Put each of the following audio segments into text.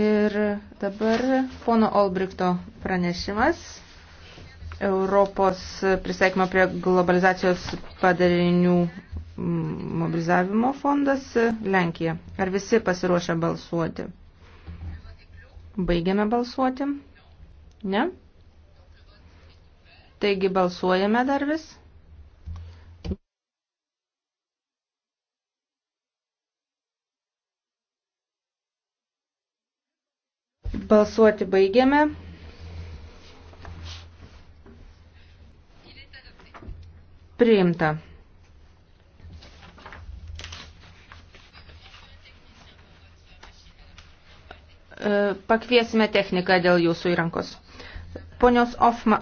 Ir dabar pono Olbrikto pranešimas. Europos prisaikymo prie globalizacijos padarinių mobilizavimo fondas Lenkija. Ar visi pasiruošę balsuoti? Baigiame balsuoti? Ne? Taigi balsuojame dar vis? Balsuoti baigiame. Priimta. E, pakviesime techniką dėl jūsų įrankos. Ponios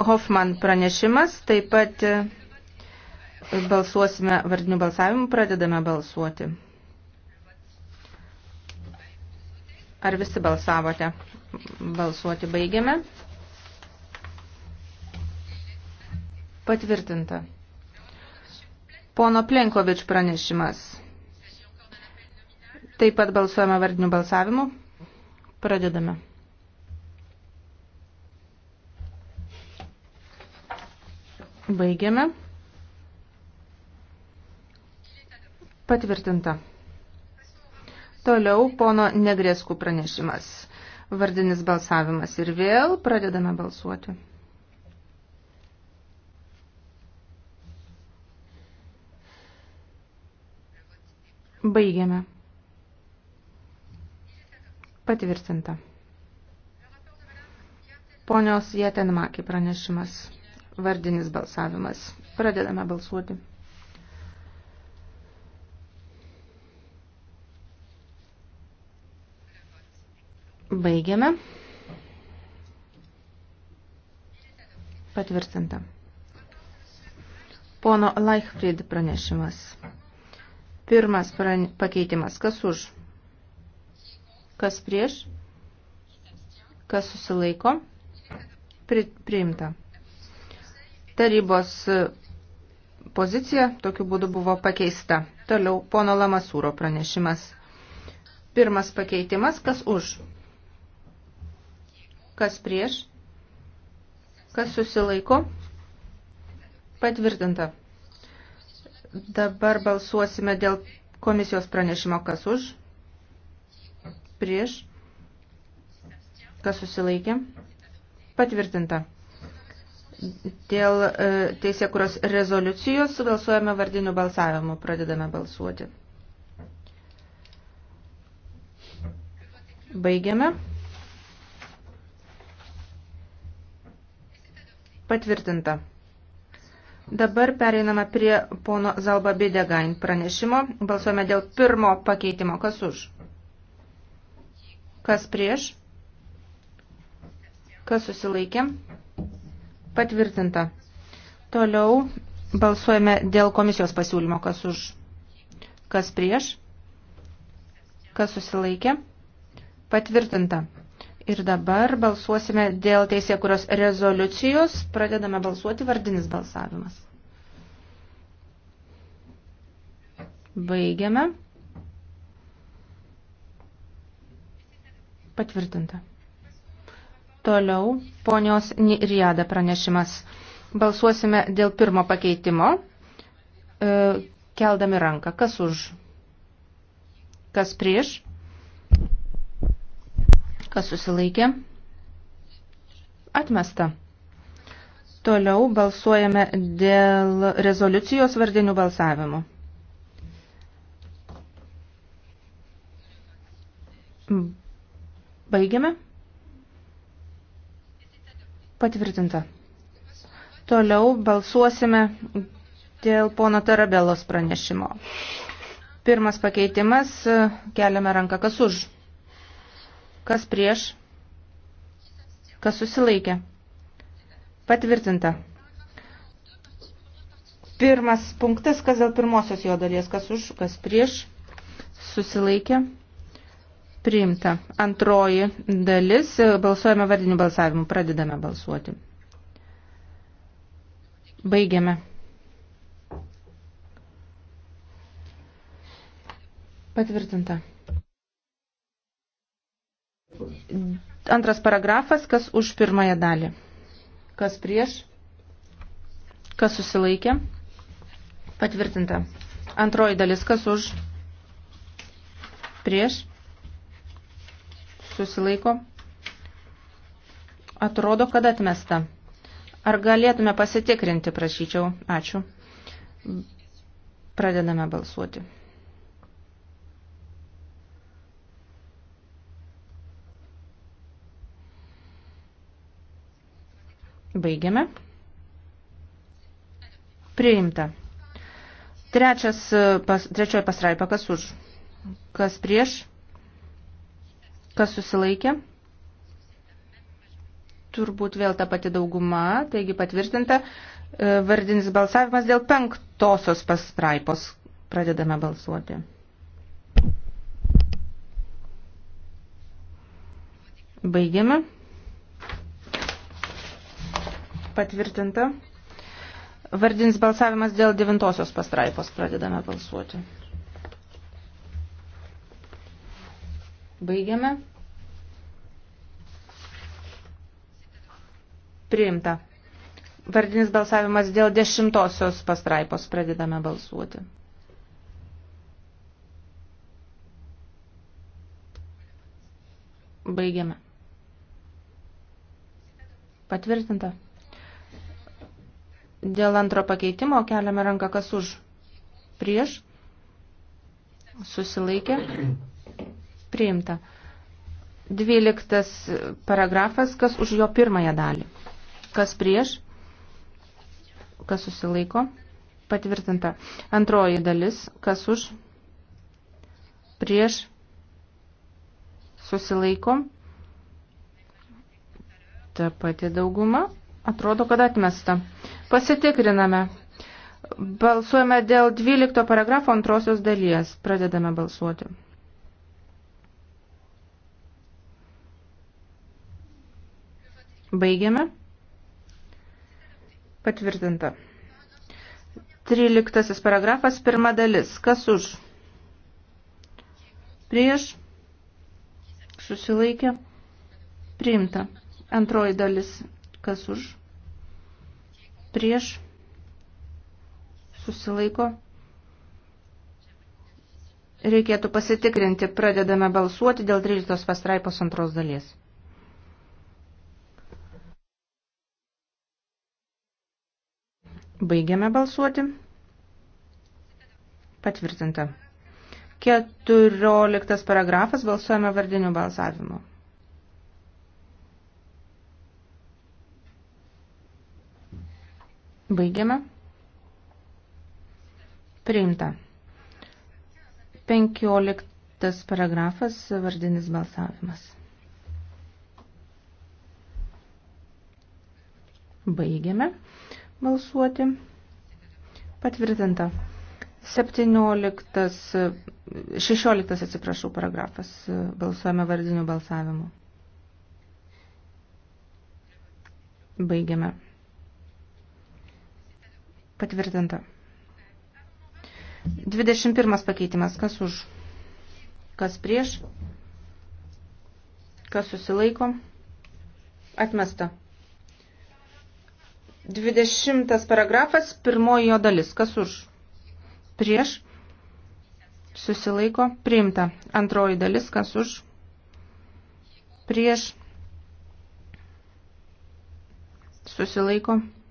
Hoffman pranešimas, taip pat e, balsuosime vardinių balsavimų, pradedame balsuoti. Ar visi balsavote? Balsuoti baigiame. Patvirtinta. Pono Plenkovič pranešimas. Taip pat balsuojame vardinių balsavimų. Pradedame. Baigiame. Patvirtinta. Toliau pono Negrėskų pranešimas. Vardinis balsavimas ir vėl pradedame balsuoti. Baigiame. Patvirtinta. Ponios Jetenmaki pranešimas. Vardinis balsavimas. Pradedame balsuoti. Baigiame. Patvirtinta. Pono Laichfried pranešimas. Pirmas prane... pakeitimas. Kas už? Kas prieš? Kas susilaiko? Pri... Priimta. Tarybos pozicija tokiu būdu buvo pakeista. Toliau pono Lamasūro pranešimas. Pirmas pakeitimas. Kas už? Kas prieš? Kas susilaiko? Patvirtinta. Dabar balsuosime dėl komisijos pranešimo. Kas už? Prieš? Kas susilaikė? Patvirtinta. Dėl e, teisėkuros rezoliucijos balsuojame vardiniu balsavimu. Pradedame balsuoti. Baigiame. Patvirtinta. Dabar pereiname prie pono Zalba Bidegain pranešimo. Balsuojame dėl pirmo pakeitimo. Kas už? Kas prieš? Kas susilaikė? Patvirtinta. Toliau balsuojame dėl komisijos pasiūlymo. Kas už? Kas prieš? Kas susilaikė? Patvirtinta. Ir dabar balsuosime dėl teisė kurios rezoliucijos. Pradedame balsuoti vardinis balsavimas. Baigiame. Patvirtinta. Toliau ponios Niriada pranešimas. Balsuosime dėl pirmo pakeitimo, e, keldami ranką. Kas už? Kas prieš? Kas susilaikė? Atmesta. Toliau balsuojame dėl rezoliucijos vardinių balsavimų. Baigiame. Patvirtinta. Toliau balsuosime dėl pono Tarabelos pranešimo. Pirmas pakeitimas, keliame ranką kas už. Kas prieš? Kas susilaikė? Patvirtinta. Pirmas punktas, kas dėl pirmosios jo dalies, kas už, kas prieš, susilaikė, priimta. Antroji dalis, balsuojame vardiniu balsavimu, pradedame balsuoti. Baigiame. Patvirtinta. Antras paragrafas, kas už pirmąją dalį. Kas prieš? Kas susilaikė? Patvirtinta. Antroji dalis, kas už? Prieš? Susilaiko? Atrodo, kad atmesta. Ar galėtume pasitikrinti, prašyčiau. Ačiū. Pradedame balsuoti. Baigiame. Priimta. Trečias, pas, trečioji pasraipa, kas už? Kas prieš? Kas susilaikė? Turbūt vėl ta pati dauguma, taigi patvirtinta. E, vardinis balsavimas dėl penktosios pastraipos. Pradedame balsuoti. Baigiame. Patvirtinta. Vardinis balsavimas dėl devintosios pastraipos. Pradedame balsuoti. Baigiame. Priimta. Vardinis balsavimas dėl dešimtosios pastraipos. Pradedame balsuoti. Baigiame. Patvirtinta. Dėl antro pakeitimo keliame ranką kas už. Prieš. Susilaikė. Priimta. Dvyliktas paragrafas, kas už jo pirmąją dalį. Kas prieš. Kas susilaiko. Patvirtinta. Antroji dalis, kas už. Prieš. Susilaiko. Ta pati dauguma. Atrodo, kad atmesta. Pasitikriname. Balsuojame dėl 12 paragrafo antrosios dalies. Pradedame balsuoti. Baigiame. Patvirtinta. 13 paragrafas, pirma dalis. Kas už? Prieš. Susilaikė. Priimta. Antroji dalis. Kas už? Prieš? Susilaiko? Reikėtų pasitikrinti. Pradedame balsuoti dėl 13 pastraipos antros dalies. Baigiame balsuoti. Patvirtinta. 14 paragrafas balsuojame vardiniu balsavimu. Baigiame. Priimta. 15 paragrafas vardinis balsavimas. Baigiame balsuoti. Patvirtinta. 17, 16, atsiprašau, paragrafas balsuojame vardiniu balsavimu. Baigiame. Patvirtinta. 21 pakeitimas. Kas už? Kas prieš? Kas susilaiko? Atmesta. 20 paragrafas, pirmoji jo dalis. Kas už? Prieš? Susilaiko? Priimta. Antroji dalis. Kas už? Prieš? Susilaiko? Priimta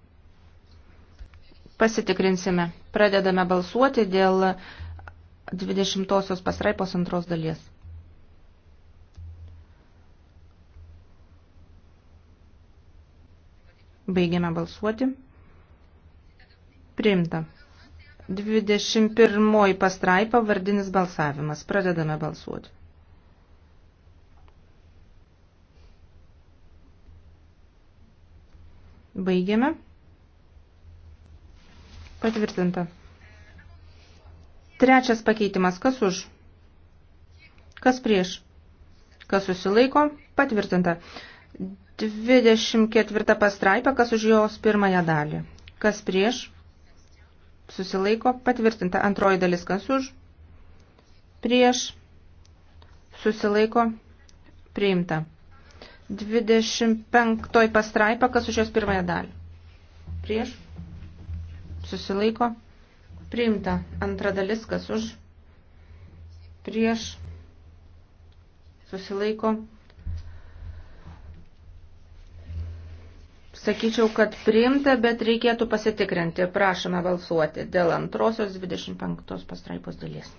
Pasitikrinsime. Pradedame balsuoti dėl 20 pasraipos antros dalies. Baigiame balsuoti. Priimta. 21 pastraipa vardinis balsavimas. Pradedame balsuoti. Baigiame. Patvirtinta. Trečias pakeitimas. Kas už? Kas prieš? Kas susilaiko? Patvirtinta. 24 pastraipa. Kas už jos pirmąją dalį? Kas prieš? Susilaiko? Patvirtinta. Antroji dalis. Kas už? Prieš? Susilaiko? Priimta. 25 pastraipa. Kas už jos pirmąją dalį? Prieš? susilaiko, priimta. Antra dalis, kas už, prieš, susilaiko. Sakyčiau, kad priimta, bet reikėtų pasitikrinti. Prašome balsuoti dėl antrosios 25 pastraipos dalies.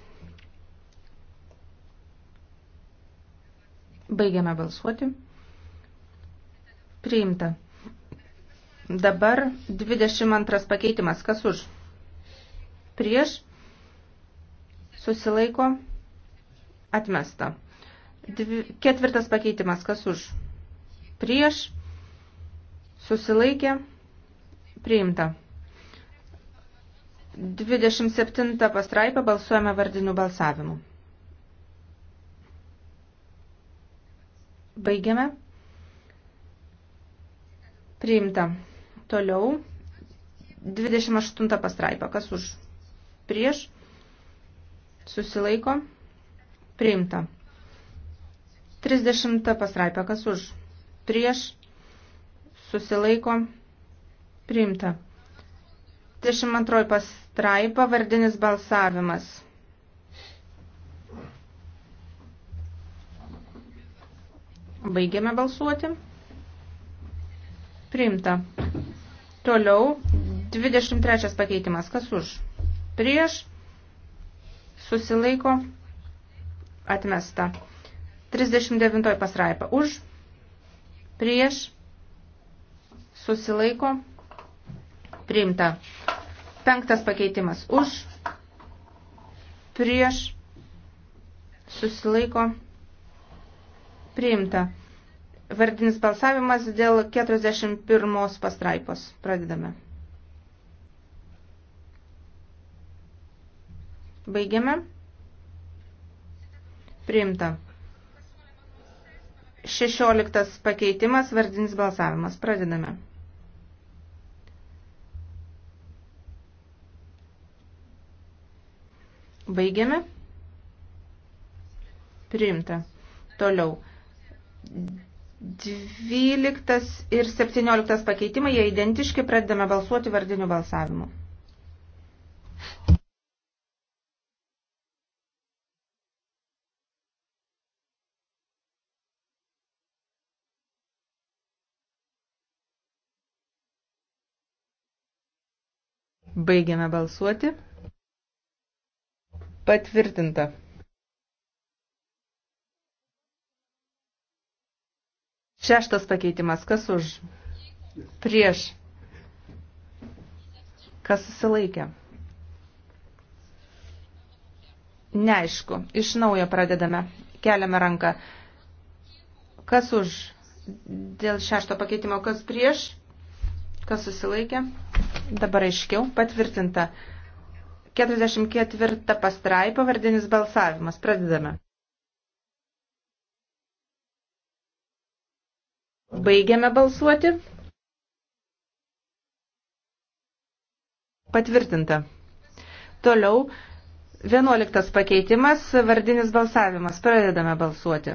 Baigiame balsuoti. Priimta. Dabar 22 pakeitimas. Kas už? Prieš susilaiko atmesta. Dvi, ketvirtas pakeitimas. Kas už? Prieš susilaikė priimta. 27 pastraipą balsuojame vardiniu balsavimu. Baigiame. Priimta. Toliau 28 pastraipa. Kas už? Prieš. Susilaiko. Priimta. 30 pastraipa. Kas už? Prieš. Susilaiko. Priimta. 32 pastraipa. Vardinis balsavimas. Baigiame balsuoti. Priimta. Toliau 23 pakeitimas. Kas už? Prieš susilaiko atmesta. 39 pasraipa. Už prieš susilaiko priimta. Penktas pakeitimas. Už prieš susilaiko priimta. Vardinis balsavimas dėl 41 pastraipos. Pradedame. Baigiame. Priimta. 16 pakeitimas, vardinis balsavimas. Pradedame. Baigiame. Priimta. Toliau. 12 ir 17 pakeitimai, jie identiški, pradedame balsuoti vardiniu balsavimu. Baigiame balsuoti. Patvirtinta. Šeštas pakeitimas. Kas už? Prieš. Kas susilaikė? Neaišku. Iš naujo pradedame. Keliame ranką. Kas už? Dėl šešto pakeitimo. Kas prieš? Kas susilaikė? Dabar aiškiau. Patvirtinta. 44 pastraipa vardinis balsavimas. Pradedame. Baigiame balsuoti. Patvirtinta. Toliau 11 pakeitimas, vardinis balsavimas. Pradedame balsuoti.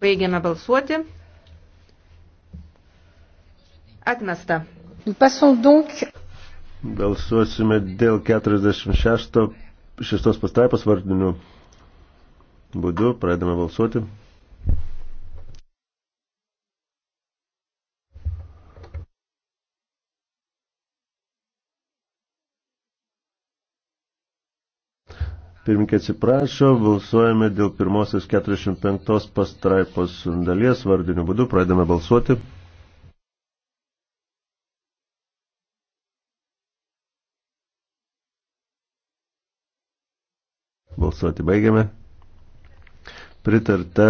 Baigiame balsuoti. Atmesta. Passons donc Balsuosime dėl 46 šeštos pastraipos vardinių būdų. Pradedame balsuoti. Pirminkė atsiprašo, balsuojame dėl pirmosios 45 pastraipos dalies vardinių būdų, pradedame balsuoti. Balsuoti baigiame. Pritarta.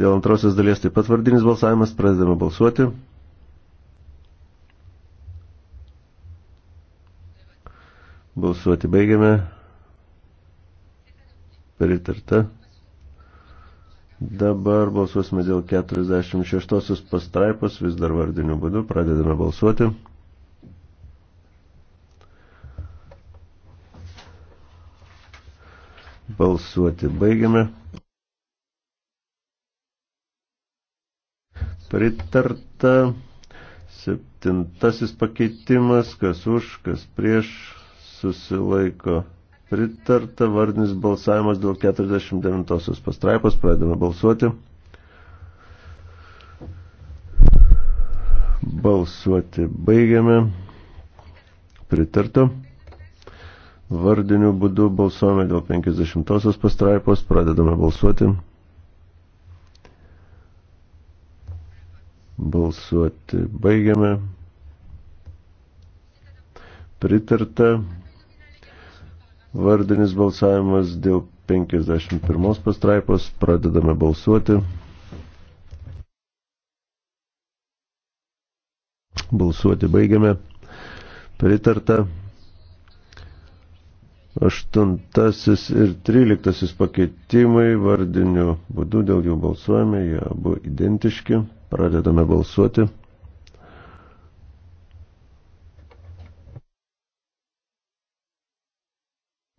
Dėl antrosios dalies taip pat vardinis balsavimas. Pradedame balsuoti. Balsuoti baigiame. Pritarta. Dabar balsuosime dėl 46 pastraipos, vis dar vardiniu būdu. Pradedame balsuoti. Balsuoti baigiame. Pritarta. Septintasis pakeitimas, kas už, kas prieš, susilaiko. Pritarta vardinis balsavimas dėl 49 pastraipos, pradedame balsuoti. Balsuoti baigiame. Pritarta. Vardiniu būdu balsuojame dėl 50 pastraipos, pradedame balsuoti. Balsuoti baigiame. Pritarta. Vardinis balsavimas dėl 51 pastraipos, pradedame balsuoti. Balsuoti baigiame. Pritarta. Aštuntasis ir tryliktasis pakeitimai vardiniu būdu, dėl jų balsuojame, jie abu identiški, pradedame balsuoti.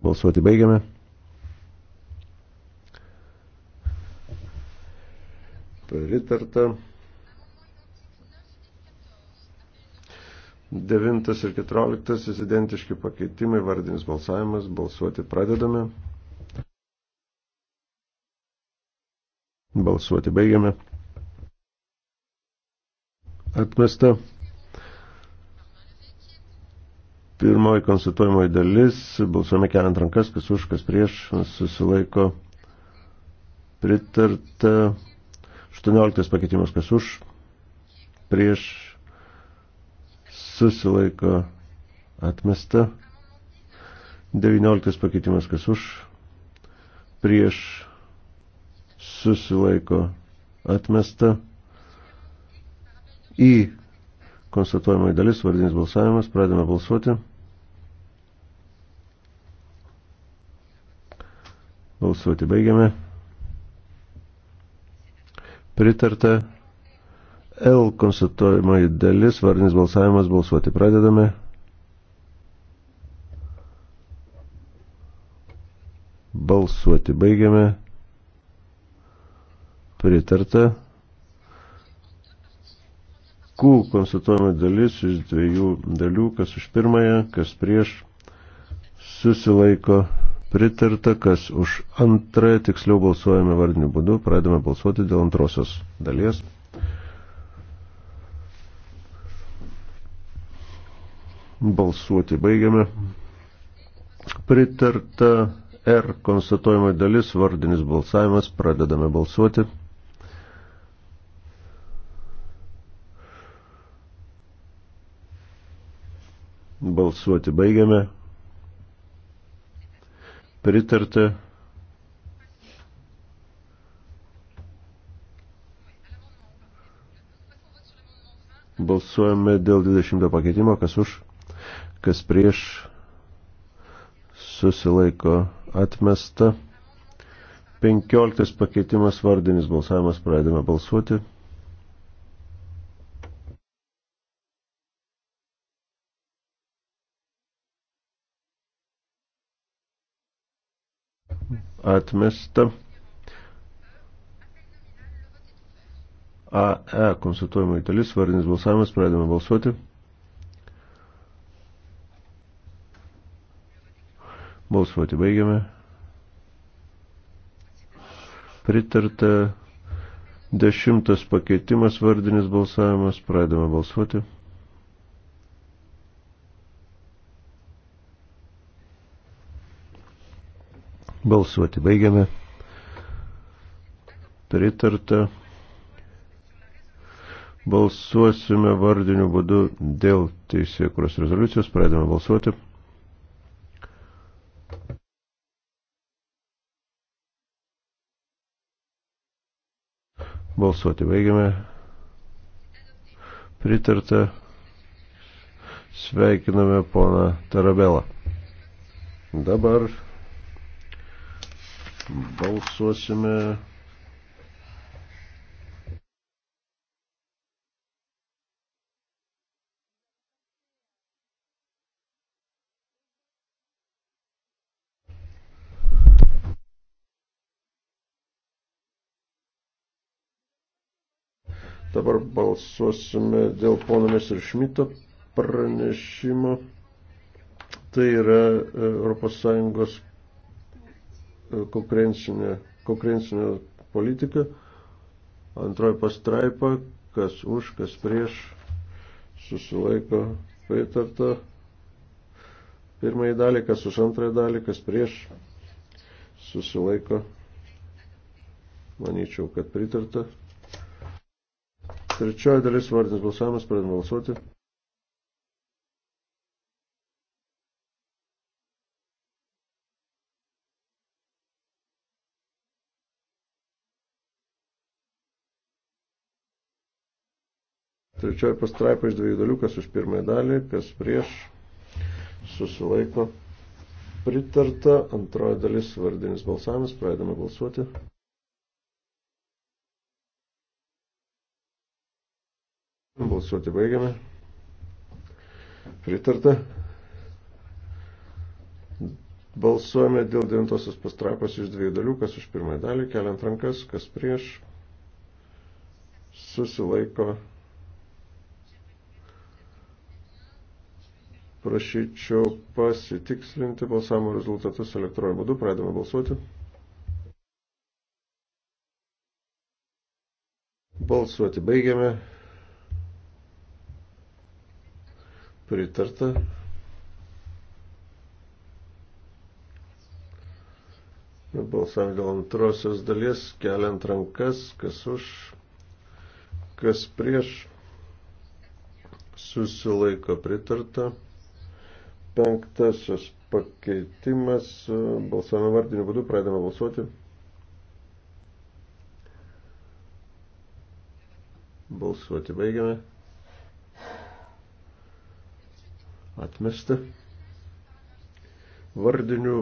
Balsuoti baigiame. Pritarta. 9 ir 14 identiški pakeitimai, vardinis balsavimas, balsuoti pradedame. Balsuoti baigiame. Atmesta. Pirmoji konsultuojamoji dalis, balsuojame keliant rankas, kas už, kas prieš, susilaiko pritarta. 18 pakeitimas, kas už, prieš, susilaiko atmesta. 19 pakeitimas kas už, prieš susilaiko atmesta. Į konstatuojamą dalis vardinis balsavimas, pradame balsuoti. Balsuoti baigiame. Pritarta L konstatuojamoji dalis, vardinis balsavimas, balsuoti pradedame. Balsuoti baigiame. Pritarta. Q konstatuojama dalis iš dviejų dalių, kas už pirmąją, kas prieš. Susilaiko pritarta, kas už antrąją, tiksliau balsuojame vardiniu būdu, pradedame balsuoti dėl antrosios dalies. Balsuoti baigiame. Pritarta R konstatuojama dalis, vardinis balsavimas, pradedame balsuoti. Balsuoti baigiame. Pritarta. Balsuojame dėl 20 pakeitimo, kas už kas prieš susilaiko atmesta. 15 pakeitimas vardinis balsavimas, pradėme balsuoti. Atmesta. AE konsultuojama į dalis, vardinis balsavimas, pradėme balsuoti. Balsuoti baigiame. Pritarta dešimtas pakeitimas vardinis balsavimas. Pradame balsuoti. Balsuoti baigiame. Pritarta. Balsuosime vardiniu būdu dėl teisėkuros rezoliucijos. Pradėme balsuoti. Balsuoti baigiame. Pritarta. Sveikiname poną Tarabelą. Dabar balsuosime Dabar balsuosime dėl ponomės ir Šmito pranešimo. Tai yra ES e, konkurencinė, konkurencinė politika. Antroji pastraipa, kas už, kas prieš, susilaiko pritarta. Pirmąjį dalį, kas už antrąją dalį, kas prieš, susilaiko. Manyčiau, kad pritarta. Trečioji dalis vardinis balsavimas, pradėm balsuoti. Trečioji pastraipa iš dviejų dalių, kas už pirmąją dalį, kas prieš, susilaiko. Pritarta antroji dalis vardinis balsavimas, pradedame balsuoti. Balsuoti baigiame. Pritarta. Balsuojame dėl devintosios pastrapos iš dviejų dalių, kas už pirmąją dalį, keliant rankas, kas prieš, susilaiko. Prašyčiau pasitikslinti balsavimo rezultatus elektroniniu būdu. Pradedame balsuoti. Balsuoti baigiame. pritarta. Balsavim dėl antrosios dalies, keliant rankas, kas už, kas prieš, susilaiko pritarta. Penktasis pakeitimas, balsavimo vardiniu būdu, pradedame balsuoti. Balsuoti baigiame. Atmesta. Vardiniu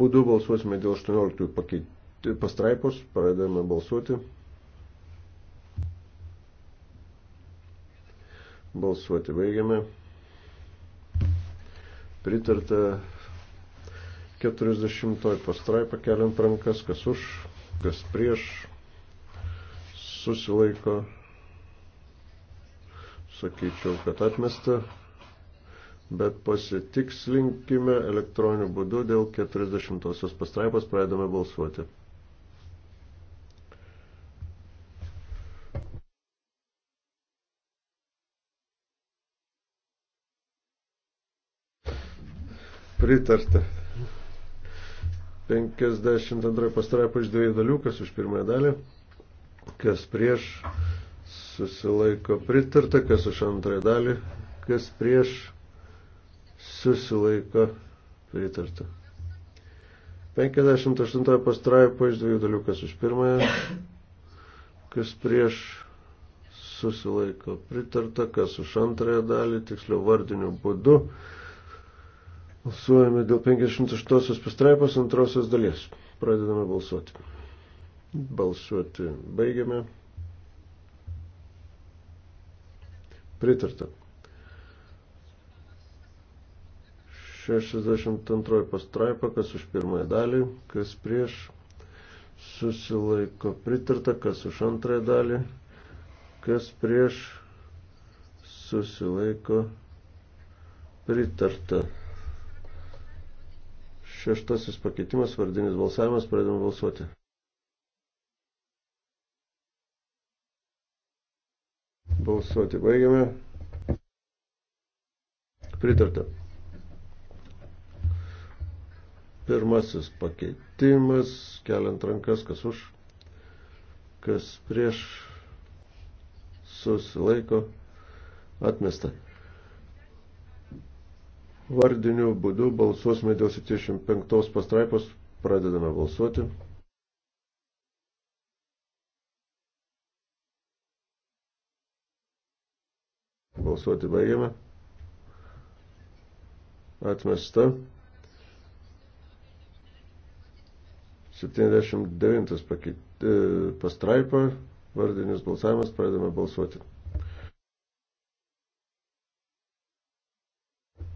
būdu balsuosime dėl 18 pakeit... pastraipos. Pradedame balsuoti. Balsuoti baigiame. Pritarta 40 pastraipą keliant rankas, kas už, kas prieš, susilaiko, sakyčiau, kad atmesta bet pasitikslinkime elektroniniu būdu dėl 40 pastraipos pradedame balsuoti. Pritarta. 52 pastraipą iš dviejų dalių, kas už pirmąją dalį, kas prieš susilaiko pritarta, kas už antrąją dalį, kas prieš susilaiko pritarta. 58 pastraipo iš dviejų dalių, kas už pirmąją, kas prieš susilaiko pritarta, kas už antrąją dalį, tiksliau vardiniu būdu. Balsuojame dėl 58 pastraipos antrosios dalies. Pradedame balsuoti. Balsuoti baigiame. Pritarta. 62 pastraipa, kas už pirmąją dalį, kas prieš, susilaiko pritarta, kas už antrąją dalį, kas prieš, susilaiko pritarta. Šeštasis pakeitimas, vardinis balsavimas, pradedam balsuoti. Balsuoti baigiame. Pritarta. Pirmasis pakeitimas, keliant rankas, kas už, kas prieš, susilaiko, atmesta. Vardiniu būdu balsuosime dėl 75 pastraipos, pradedame balsuoti. Balsuoti baigiame. Atmesta. 79 pakeit, e, pastraipa, vardinis balsavimas, pradedame balsuoti.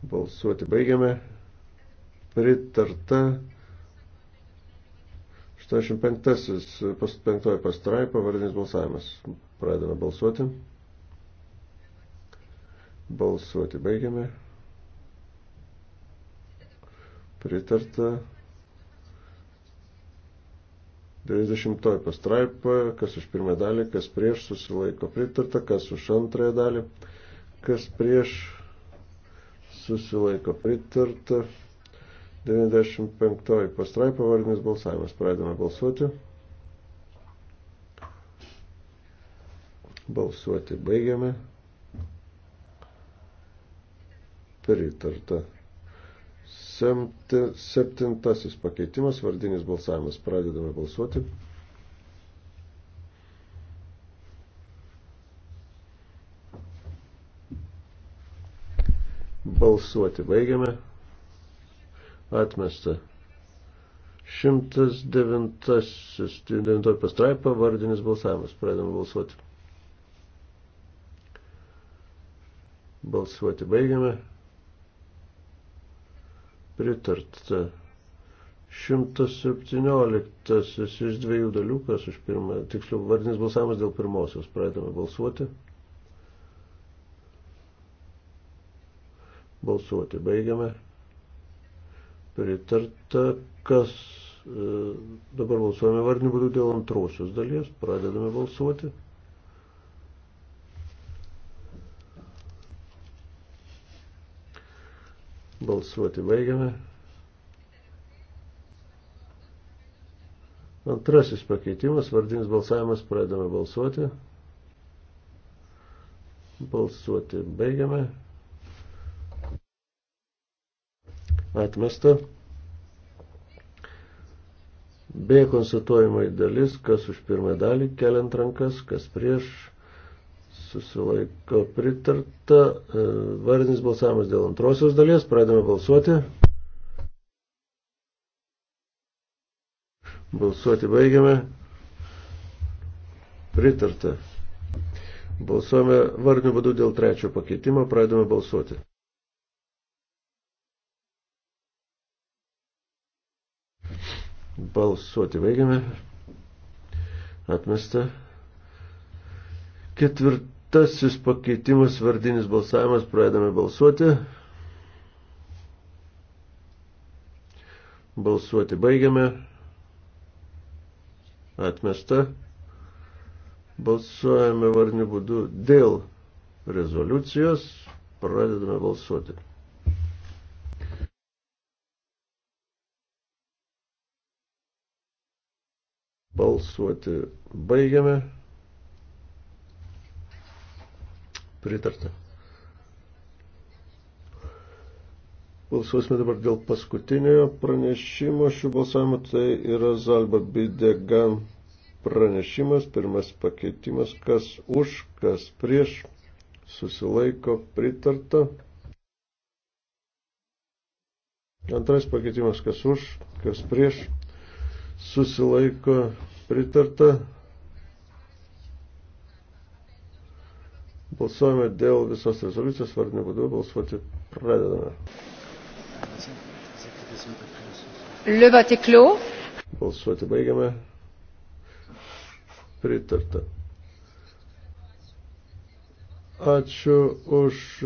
Balsuoti baigiame. Pritarta 85 pas, pastraipa, vardinis balsavimas. Pradedame balsuoti. Balsuoti baigiame. Pritarta 90 pastraipa, kas už pirmąją dalį, kas prieš susilaiko pritarta, kas už antrąją dalį, kas prieš susilaiko pritarta. 95 pastraipa vardinis balsavimas. Pradedame balsuoti. Balsuoti baigiame. Pritarta. Septintasis pakeitimas, vardinis balsavimas. Pradedame balsuoti. Balsuoti baigiame. Atmesta. 109 pastraipa, vardinis balsavimas. Pradedame balsuoti. Balsuoti baigiame pritarta. 117 iš dviejų dalių, kas už pirmą, tiksliau, vardinis balsavimas dėl pirmosios, pradedame balsuoti. Balsuoti baigiame. Pritarta, kas e, dabar balsuojame vardiniu būdu dėl antrosios dalies, pradedame balsuoti. Balsuoti baigiame. Antrasis pakeitimas, vardinis balsavimas, pradedame balsuoti. Balsuoti baigiame. Atmesta. B konstatuojamai dalis, kas už pirmą dalį, keliant rankas, kas prieš, susilaiko pritarta. E, vardinis balsavimas dėl antrosios dalies. Pradame balsuoti. Balsuoti baigiame. Pritarta. Balsuojame vardiniu būdu dėl trečio pakeitimo. Pradame balsuoti. Balsuoti baigiame. Atmesta. Ketvirt, Šeštasis pakeitimas, vardinis balsavimas, pradedame balsuoti. Balsuoti baigiame. Atmesta. Balsuojame varnių būdu dėl rezoliucijos. Pradedame balsuoti. Balsuoti baigiame. pritarta. Balsuosime dabar dėl paskutinio pranešimo šių balsavimų. Tai yra Zalba Bidega pranešimas, pirmas pakeitimas, kas už, kas prieš, susilaiko pritarta. Antras pakeitimas, kas už, kas prieš, susilaiko pritarta. Balsuojame dėl visos rezoliucijos vardinio būdu. Balsuoti pradedame. Le vote clos. Balsuoti baigiame. Pritarta. Ačiū už.